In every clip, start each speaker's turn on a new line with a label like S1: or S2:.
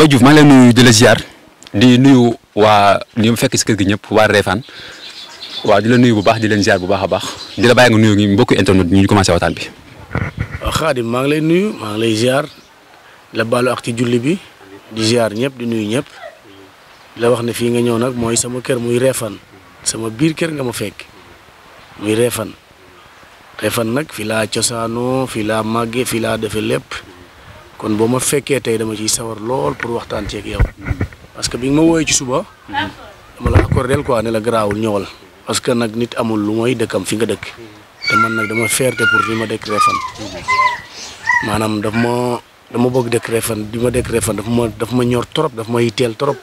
S1: Mbaye Diouf maa ngi lay nuyu di la di nuyu waa ñu fekk si kër gi ñëpp waa Réfane waa di la nuyu bu baax di leen ziar bu baax a baax di la bàyyi nga nuyu mbokku internet ñu commencé waxtaan bi.
S2: Xaadim maa ngi lay nuyu maa ngi lay ziar la baalu ak ci julli bi di ziar ñëpp di nuyu ñëpp la wax ne fii nga ñëw nag mooy sama kër muy reefan sama biir kër nga ma fekk muy Réfane Réfane nag fii laa cosaano fii laa màggee fii laa defee lépp. kon boo ma fekkee tey dama ciy sawar lool pour waxtaan ceeg yow parce que bi nga ma wooyee ci suba
S1: dama
S2: la accordel quoi ne la garaawul ñëwal parce que nag nit amul lu mooy dëkkam fi nga dëkk te man nag dama fierté pour li ma dëkk Refane maanaam daf ma dama bëgg dëkk Refane di ma dëkk Refane daf ma daf ma ñor trop daf ma yitteel trop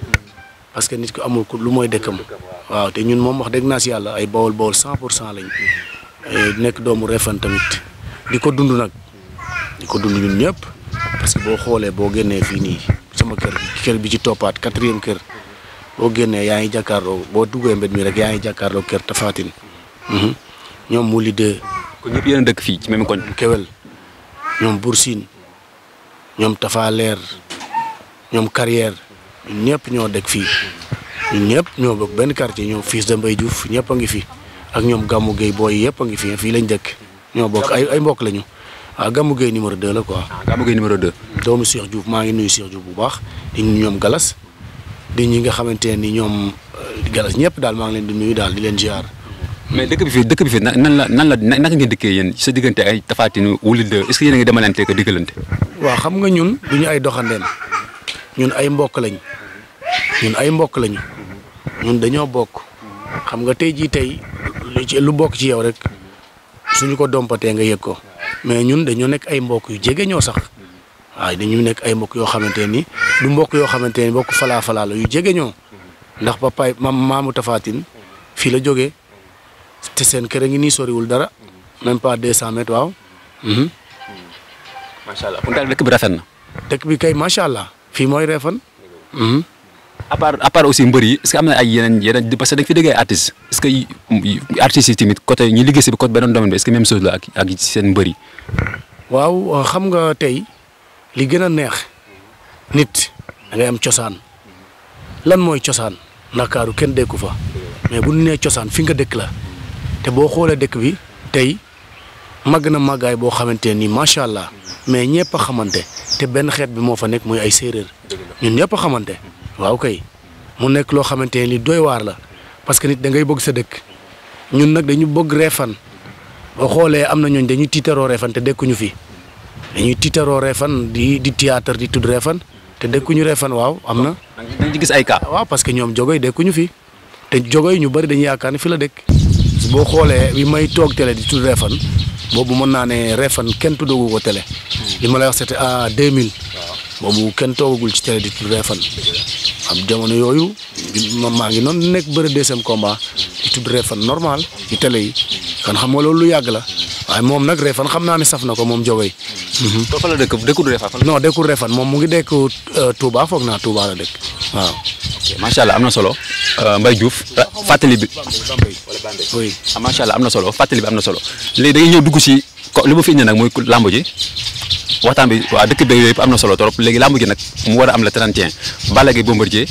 S2: parce que nit ku amul lu mooy dëkkam waaw te ñun moom wax dëgg naa si yàlla ay bawol bawol cent pour cent lañ nekk doomu Refane tamit di ko dund nag di ko dund ñun ñëpp parce boo xoolee boo génnee fii nii sama kër kër bi ci toppaat quatrième kër boo génnee yaa ngi jàkkaarloo boo duggee mbet mi rek yaa ngi jàkkaarloo kër Tafatine mhm. ñoom Mouli Deux. kon ñëpp fii ci même koñ. Kewel ñoom Boursine ñoom Tafaleer ñoom Carrière ñëpp ñoo dëkk fii ñun ñëpp ñoo bokk benn quartier ñoom fils de Mbaye Diouf ñëpp a ngi fi ak ñoom gàmmu Gueye booy yëpp a ngi fi fii lañ dëkk ñoo bokk ay ay mbokk lañu. waaw ah, Gamou Gueye numéro 2 la quoi. ah Gamou Gueye numéro 2. doomu Cheikh Diouf maa ngi nuyu Cheikh Diouf bu baax di ñoom Galas di ñi nga xamante ni ñoom euh, Galas ñëpp daal maa ngi leen di nuyu daal di leen ziar. mais dëkk bi fii dëkk bi fii nan la nan la naka ngeen dëkkee yéen sa
S1: diggante ay tafatinu wuli de est ce que yéen a ngi demalante ko diggalante.
S2: waaw xam nga ñun du ñu ay doxandeen ñun ay mbokk lañ ñun ay mbokk lañu ñun dañoo bokk xam nga tey jii tey lu bokk ci yow rek suñu ko dompatee nga yëg ko. mais ñun dañoo nekk ay mbokk yu jege ñoo sax waaw dañu nekk ay mbokk yoo xamante ni du mbokk yoo xamante ni mbokk falaa falaa la yu jege ñoo ndax papaay maam maamu tafaatin fii la jóge te seen kër a ngi nii soriwul dara même pas 200 mètres waaw.
S1: Mhm. macha allah kon daal dëkk bi rafet na.
S2: dëkk bi kay macha allah
S1: fii mooy Réfane. Mhm. à part à aussi mbër yi est am na ay yeneen yeneen parce que da nga fi déggee artistes est-ce que artistes yi tamit côté ñu liggéey si côté beneen domaine bi est-ce que même chose la ak seen mbër yi.
S2: waaw xam nga tey li gën a neex nit da am cosaan lan mooy cosaan Ndakaaru kenn dëkku fa mais bu ñu nee cosaan fi nga dëkk la te boo xoolee dëkk bi tey màgg na màggaay boo xamante nii macha allah mais ñëpp xamante te benn xeet bi moo fa nekk muy ay séeréer ñun ñëpp a xamante. waaw kay mu nekk loo xamante ne li doy waar la parce que nit da ngay bëgg sa dëkk ñun nag dañu bëgg reefan boo xoolee am na ñooñ dañuy tiitaroo reefan te dëkkuñu fi dañuy tiitaroo reefan di di théâtre di tudd reefan te dëkkuñu reefan waaw am na. dañ ci gis ay cas. waaw parce que ñoom jogoy dëkkuñu fi te jogoy ñu bari dañu yaakaar ne fi la dëkk. boo xoolee bi may toog télé di tudd reefan boobu mën naa ne reefan kenn tuddagu ko télé. li ma lay wax c'était en 2000. boobu kenn toogagul ci télé di xam jamono yooyu maa ngi noonu nekk bëri deuxième combat di tudd Réfane normal ci télé yi kon xam nga loolu lu yàgg la waaye moom nag Réfane xam naa ne saf na ko moom Jowey. doo mhm. fa la dëkk dëkkul Réfane. non dëkkul Réfane moom mu ngi dëkk euh, Touba foog naa Touba la dëkk waaw. macha allah am na solo euh, Mbaye Diouf ah,
S1: fàttali bi. oui ah, macha allah am na solo fàttali bi am na solo léegi da ñëw dugg si ko li ma fi indi nag mooy làmb ji. waxtaan bi waa dëkk beeg yooyu yëpp am na solo trop léegi làmb ji nag mu war a am la 31 Balla Gaye Bombardier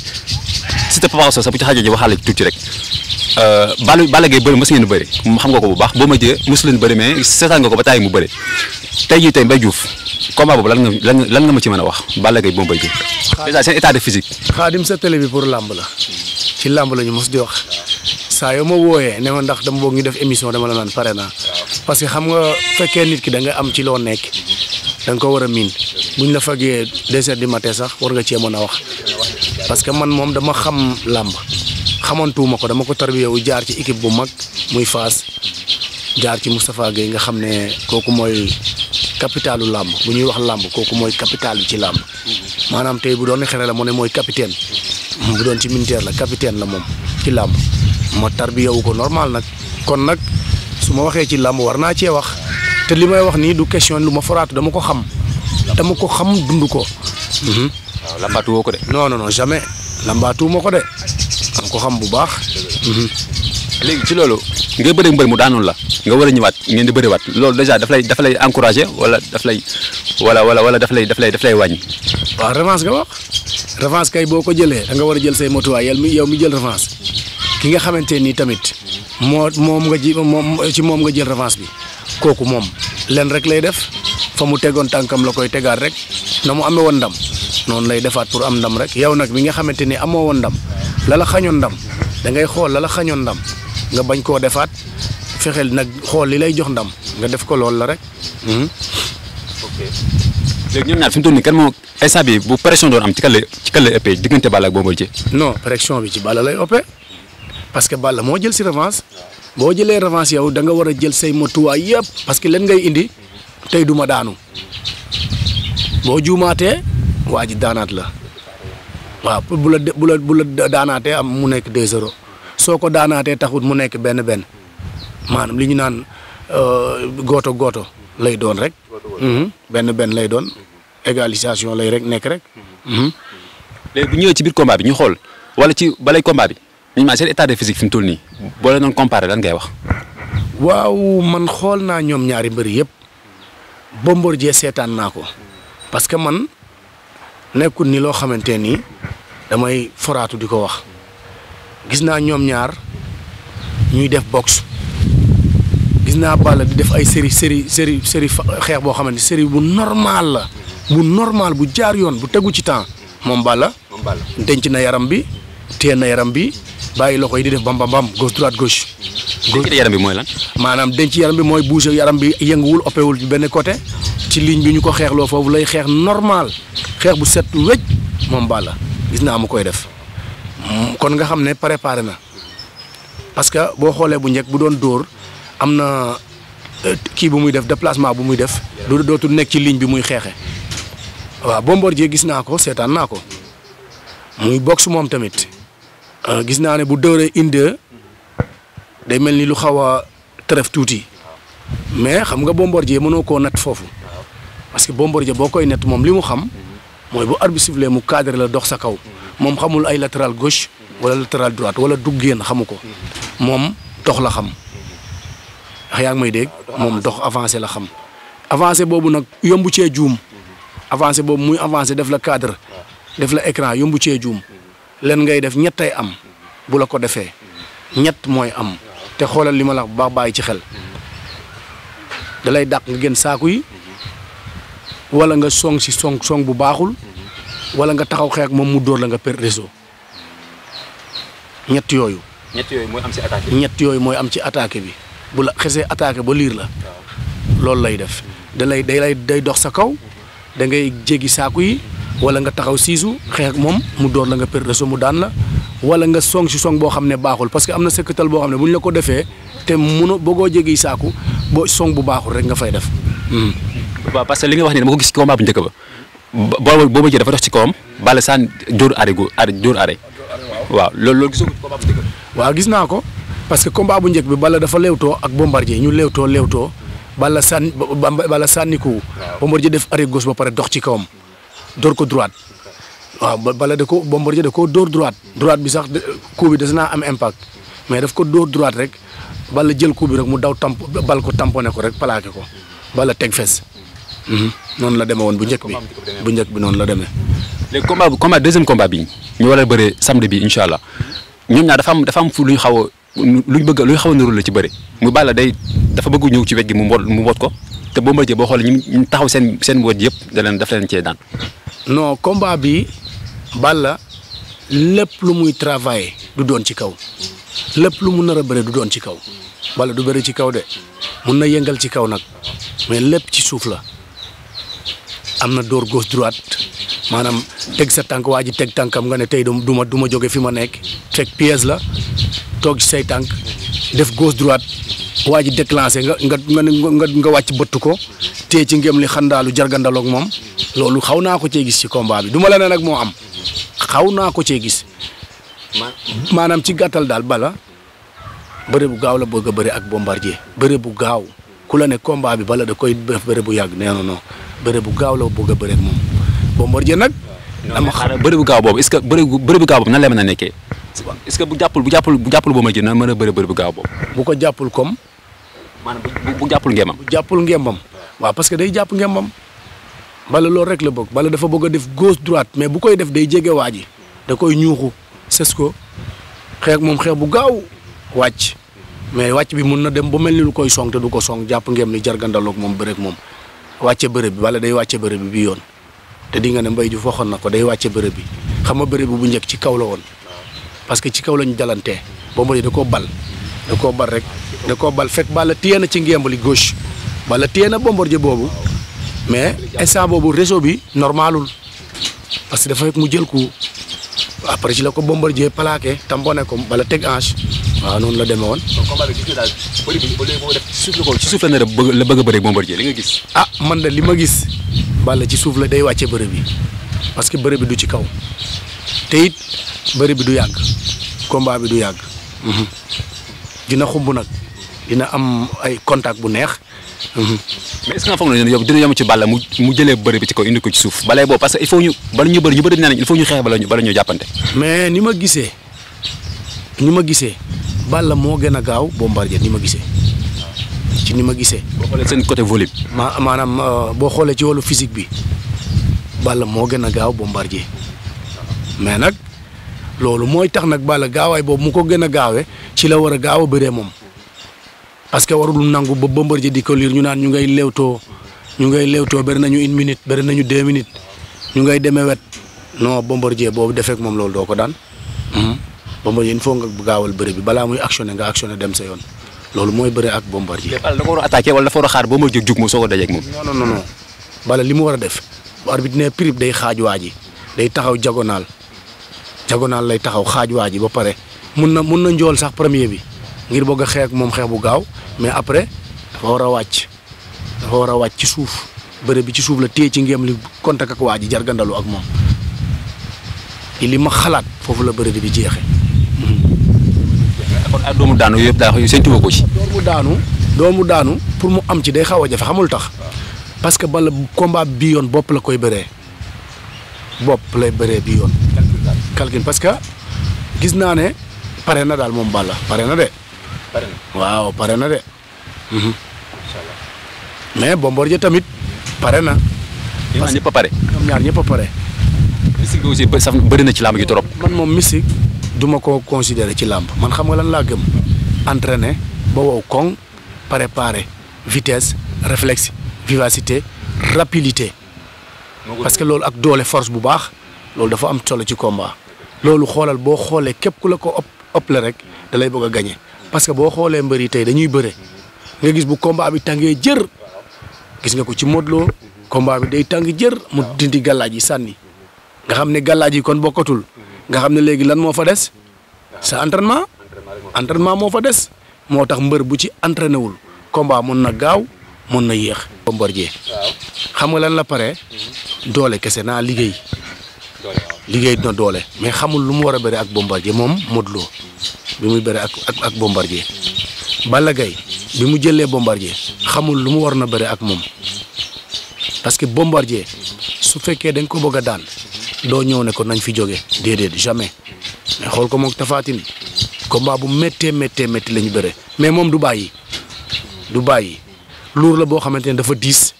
S1: Siteu Papa Sow sax bu ci ji waxaale ci tuuti rek euh, Balla Balla Gaye bëri mës ngeen bëri xam nga ko bu baax Bombardier mës leen bëri mais seetaan nga ko ba taay mu bëri tey jii tey Mbaye Diouf combat boobu lan nga lan lan ma ci mën a wax Balla Gaye Bombardier déjà seen état de physique.
S2: xaadim sa télé bi pour làmb la ci làmb la ñu mos di wax saa yoo ma wooyee ne ma ndax dama boog ñu def émission dama la naan pare naa parce que xam nga fekkee nit ki da nga am ci loo nekk. da ko war a miin bu ñu la fagee deux heures du sax war nga cee mën a wax parce que man moom dama xam làmb xamantuwuma ko dama ko tarbiyewu jaar ci équipe bu mag muy Fass jaar ci Moustapha Gueye nga xam ne kooku mooy capitalu làmb bu ñuy wax làmb kooku mooy capital bi ci làmb maanaam tey bu doon xere la mu ne mooy capitaine bu doon ci militaire la capitaine la moom ci làmb ma tarbiyewu ko normal nag kon nag su ma waxee ci làmb war naa cee wax. te li may wax nii du question lu ma foraatu dama ko xam dama ko xam dund ko. Mhm. waaw lambaatu woo ko de. non non non jamais lambaatu ma ko de dama ko xam bu baax.
S1: Mhm. léegi ci loolu nga bëri mbër mu daanoon la nga war a ñëwaat ngeen di bëriwaat loolu dèjà daf lay daf lay encouragé wala daf lay wala wala wala daf lay daf lay daf lay wàññi.
S2: waaw revanche nga wax revanche kay boo ko jëlee da nga war a jël say motuwaay yel mi yow mi jël revanche ki nga xamante nii tamit moo moom nga ji ci moom nga jël revanche bi. kooku moom leen rek lay def fa mu tegoon tànkam la koy tegaat rek na mu amee woon ndam noonu lay defaat pour am ndam rek yow nag bi nga xamante ni amoo woon ndam la la xañoon ndam da xool la xañoon ndam nga bañ koo defaat fexeel nag xool li lay jox ndam nga def ko loolu la rek. Hmm? ok
S1: léegi ñoom ñaar fi mu toll nii kan moo bi bu pression doon am ci kan la ci diggante Balla ak Bombardier.
S2: non pression bi ci Balla lay ëppee parce que moo jël si revanche. boo jëlee revanche yow da nga war a jël say matuwaay yëpp parce que leen ngay indi tey duma daanu boo juumaatee waa ji daanaat la waaw pour bu la bu la daanaatee am mu nekk deux zéro soo ko daanaatee taxut mu nekk benn benn maanaam li ñu naan euh, gooto gooto lay doon rek. Mhm, benn benn lay doon égalisation lay rek nekk rek. Mhm.
S1: léegi bu ñëwee ci biir combat bi ñu xool wala ci balay combat bi. nañ maa seen état de physique fi mu toll
S2: nii boo leen doon comparé lan wax. waaw man xool naa ñoom ñaari mbër yëpp jee seetaan naa ko parce que man nekkul ni loo xamante nii damay foraatu di ko wax gis naa ñoom ñaar ñuy def box gis naa Balla di def ay série série série série xeex boo xamante série bu normal la bu normal bu jaar yoon bu tegu ci temps moom Balla denc na yaram bi. téye na yaram bi bàyyi loxo yi di def bam bam bam gauche droite gauche. denc yaram bi mooy lan. maanaam denc yaram bi mooy bouger yaram bi yënguwul opéwul benn côté ci ligne bi ñu ko xeexloo foofu lay xeex normal xeex bu set wécc moom Balla gis naa mu koy def kon nga xam ne préparé na parce que boo xoolee bu njëkk bu doon dóor am na euh, kii bu muy def déplacement bu muy def du dootul nekk ci ligne bi muy xeexe waaw Bombardier gis naa ko seetaan naa ko muy moom tamit. Euh, gis naa ne bu dóoree inde day mel ni lu xaw a tërëf tuuti mais xam nga Bombardier mënoo koo natt foofu parce que Bombardier boo koy natt moom li mu xam mooy bu arbitre sifflé mu cadre la dox sa kaw moom xamul ay latéral gauche wala latéral droite wala dugg génn xamu ko moom dox la xam wax yaa ngi may dégg moom dox avancé la xam avancé boobu nag yombu cee juum avancé boobu muy avancé def la cadre def la écran yombu cee juum. len ngay def ñettay am bu la ko defee ñett mooy am te xoolal li ma la bu baax bàyyi ci xel da dàq nga génn saaku yi wala nga song si song song bu baaxul wala nga taxaw xeex moom mu dóor la nga per réseau ñett yooyu. ñett yooyu mooy am ci attaque bi yooyu mooy am ci attaque bi bu la xesee attaqué ba liir la loolu lay def dalay lay day dox sa kaw dangay ngay jéggi saaku yi. wala nga taxaw siisu xeex moom mu door la nga perte su mu daan la wala nga song si song boo xam ne baaxul parce que am na sëkkatal boo xam ne bu ñu la ko defee te mënu bëggoo jéggi saaku boo song bu baaxul rek nga fay def.
S1: Hmm. waaw parce que li nga wax nii dama gis ci combat bu njëkk ba boo boo bëggee dafa dox ci kawam Balla Sane dóor arrêt gu arrêt waaw loolu loolu ba.
S2: waaw gis naa ko parce que combat bu njëkk bi bala dafa leewtoo ak Bombardier ñu leewtoo leewtoo Balla sànni Balla sànni ko Bombardier def arrêt ba pare dox ci kawam. door ko droite waaw bala de ko Bombardier da koo door droite droite bi sax coup des naa am impact mais daf ko dóor droite rek bala jël coup bi rek mu daw tamp bal ko tamponné ko rek plaqué ko bala teg fees mhm, noonu la demee woon bu njëkk bi bu njëkk bi noonu la demee. léegi
S1: combat bi combat deuxième combat bi ñu war a bëre samedi bi incha allah ñoom naa dafa am dafa am fu lu ñu xaw a lu ñu bëgg lu ñu xaw a niru la ci bëre mu bala day dafa bëgg ñëw ci wet gi mu mboot mu mboot ko te Bombardier boo xoolee ñu taxaw seen seen mboot yëpp da leen leen cee daan. non combat bi
S2: la lépp lu muy travailler du doon ci kaw lépp lu mu nar a bëre du doon ci kaw Balla du bëri ci kaw de mun na yëngal ci kaw nag mais lépp ci suuf la am na dóor gauche droite maanaam teg sa tànk waa ji teg tànkam nga ne tey du ma du ma jóge fi ma nekk teg pièce la toog ci say tànk def gauche droite waa ji déclenché nga nga nga nga wàcc bëtt ko tee ci ngem li xandaalu jargandaloog moom loolu xaw naa ko cee gis ci combat bi du ma la ne nag moo am xaw naa ko cee gis maanaam ci gàttal daal bala bëre bu gaaw la bëgg a bëre ak bombardier bëre bu gaaw ku la ne combat bi bala da koy def bu yàgg nee non bëre bu gaaw la bëgg a bëre ak moom bombardier nag. dama xam bëre
S1: bu gaaw boobu est-ce que bëre bu gaaw boobu nan la mën a nekkee. bu jàppul bu jàppul bu jàppul bombardier nan
S2: mën a bëre bu gaaw boobu. bu ko jàppul comme. maanaam bu jàppul ngéemam bu jàppul ngéemam waaw parce que day jàpp ngéemam bala loolu rek la bëgg bala dafa bëgg a def gauche droite mais bu koy def day jege waa ji da koy ñuuxu ses ko xeex moom xeex bu gaaw wàcc mais wàcc bi mun na dem ba mel ni lu koy song te du ko song jàpp ngéem ni jargandaloog moom bëreeg moom wàcce bërëb bi wala day wàcce bërëb bi bi yoon te di nga ne mbay ju waxoon na ko day wàcce bërëb bi xam nga bërëb bi bu njëkk ci kaw la woon parce que ci kaw lañu dalantee ba mbay da ko bal da koo bal rek da koo bal fekk balla téye na ci ngémb li gauche balla téye na Bombardier boobu mais instant boobu réseau bi normalul parce que dafa fekk mu jël ko après ci la ko Bombardier plaqué tamponné ko bala teg hanche waaw noonu la demee woon. donc combat bi ci suuf la ne la la bëgg a bëri Bombardier li nga gis. ah man la li ma gis Balla ci suuf la day wàcce bëri bi parce que bëri bi du ci kaw te it bi du yàgg combat bi du yàgg. Mhm. dina xumb nag dina am ay contact bu neex. Mhm. mais
S1: est ce que nga foog ne yow dina yomb ci Balla mu mu jëlee bëri bi ci ko indi ko ci suuf balay boobu parce que il faut ñu bala ñu bëri ñu bëri dina nañ il faut ñu xeex bala ñu jàppante.
S2: mais ni ma gisee ni ma gisee Balla moo gën a gaaw Bombardier ni ma gisee ci ni ma gisee.
S1: boo xoolee seen côté volume.
S2: ma maanaam euh, boo xoolee ci wàllu physique bi Balla moo gën a gaaw Bombardier mais nag loolu mooy tax nag Balla gaawaay boobu mu ko gën a gaawee ci la war a gaaw a bëree moom parce que warul nangu ba Bombardier di ko liir ñu naan ñu ngay lewtoo ñu ngay lewtoo bari nañu une minute bëri nañu deux minutes ñu ngay demee wet non jee boobu defeek moom loolu doo ko daan hmm? Bombardier il faut nga gaawal bëri bi balaa muy actionné nga actionné dem sa yoon loolu mooy bëri ak Bombardier.
S1: da ko war a attaqué wala dafa war a xaar ba ma jóg jug ma soog a dajeeg moom. non non non
S2: Balla li mu war a def bu arbitre ne prip day xaaj waa ji day taxaw jagonaal Diagonal lay taxaw xaaj waa ji ba pare mun na mun na njool sax premier bi ngir bëgg a xeex moom xeex bu gaaw mais après dafa war a wàcc dafa war a wàcc ci suuf bëre bi ci suuf la téye ci ngém li contact ak waa ji jargandalu ak moom li ma xalaat foofu la bëre bi jeexe kon ak doomu daanu yëpp daa xëy séntu ko ci. daanu doomu daanu pour mu am ci day xaw a jafe xamul tax parce que bala combat bi yoon bopp la koy bëree bopp lay bëree bi yoon. calcul parce que gis naa ne pare na daal moom Balla pare na de. waaw pare na de. Mhm. incha allah mais tamit pare na. parce que ñëpp a ñaar ñëpp a pare. mystique
S1: bi ba sax bëri na ci làmb gi trop.
S2: man moom mystique duma ko considéré ci làmb man xam nga lan laa gëm entraîné ba wow koŋ préparé vitesse réflexe vivacité rapidité. parce que loolu ak doole force bu baax loolu dafa am solo ci komba loolu xoolal boo xoolee képp ku la ko ëpp ëpp la rek da lay bëgg a gañe parce que boo xoolee mbër yi tey dañuy bëre nga gis bu combat bi tàngee jër gis nga ko ci Modou loo combat bi day tàng jër mu dindi gàllaaj yi sànni nga xam ne gàllaaj yi kon bokkatul nga xam ne léegi lan moo fa des sa entrenement entraînement moo fa des moo tax mbër bu ci entraîné wul combat mun na gaaw mën na yéex. Bombardier xam nga lan la pare doole kese naa liggéey. liggéey na doole mais xamul lu mu war a bari ak bombardier moom Modou Lo bi muy bëri ak ak ak bombardier Balla Gaye bi mu jëlee bombardier xamul lu mu war na bëri ak moom parce que bombardier su fekkee dañ ko bëgg a daan doo ñëw ne ko nañ fi jóge déedéet jamais mais xool ko moom tafaatin combat bu méttee méttee métti la ñu mais moom du bàyyi du bàyyi luur la boo xamante ne dafa diis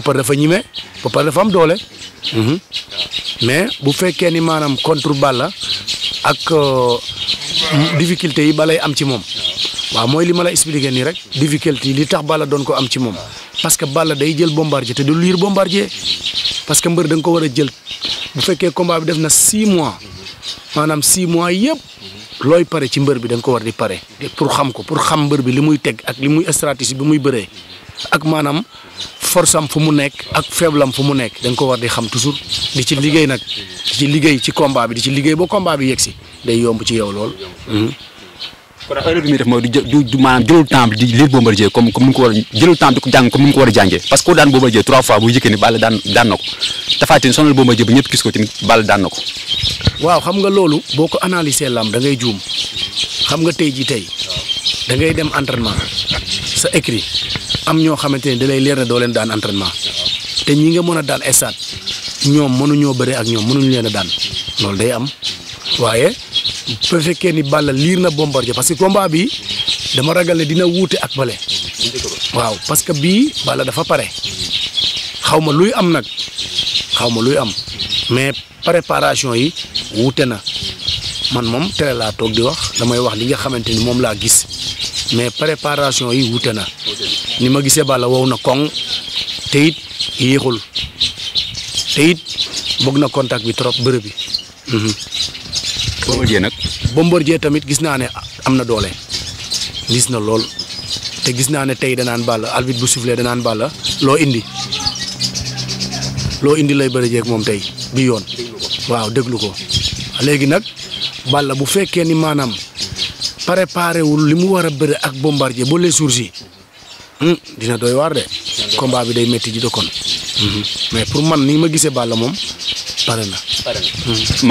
S2: ba dafa ñime ba pare am doole. Mhm. mais bu fekkee ni maanaam contre Balla ak euh, difficulté yi balay am ci moom waaw mooy li ma la expliqué nii rek difficulté yi li tax Balla doon ko am ci moom parce que Balla day jël bombardier te du liir bombardier parce que mbër da nga ko war a jël bu fekkee combat bi def na six mois maanaam six mois yëpp looy pare ci mbër bi da nga ko war di pare pour xam ko pour xam mbër bi li muy teg ak li muy stratégie bi muy bëree ak maanaam force am fu mu nekk ak faible am fu mu nekk da nga ko war di xam toujours di ci liggéey nag di ci liggéey ci combat bi di ci liggéey boo combat bi yegsi day yomb ci yow lool.
S1: Mhm. kon erreur bi muy def mooy du temps di lire Bombardier comme comme a jëlul temps bi di comme ni mu ko war a jàngee parce que ku daan Bombardier trois fois bu Yékini Balla daan daan na ko Tapha Tine sonal Bombardier ba ñëpp gis ko tamit Balla daan na ko.
S2: waaw xam nga loolu boo ko analysé lam da ngay juum xam nga tey jii tey dangay dem entraînement sa écrit. am ñoo xamante ne dalay leer ne doo leen daan entraînement te ñi nga mën a daan stade ñoom mënuñoo bëre ak ñoom mënuñu leen a daan loolu day am waaye bu fekkee ni Balla liir na Bombardier parce que combat bi dama ragal ne dina wuute ak bale waaw parce que bii Balla dafa pare xaw ma luy am nag xaw ma luy am mais préparation yi wuute na man moom tere laa toog di wax damay wax li nga xamante ni moom laa gis mais préparation yi wuute na ni ma gisee Balla wow na koŋ te it yéexul te it na kontak bi trop bërëb bi. Mhm. Bombardier nag. Bombardier tamit gis naa ne am na doole gis na lool te gis naa ne tey danaan Balla arbitre bu sifflé danaan Balla loo indi loo indi lay bëri moom tey bi yoon. waaw déglu ko léegi nag Balla bu fekkee ni maanaam préparé wul li mu war a bëri ak Bombardier ba les jours yi Hmm, dina doy waar de. combat bi day métti ji de kon. Hmm, mais pour man ni ma gisee Balla moom pare na. pare hmm.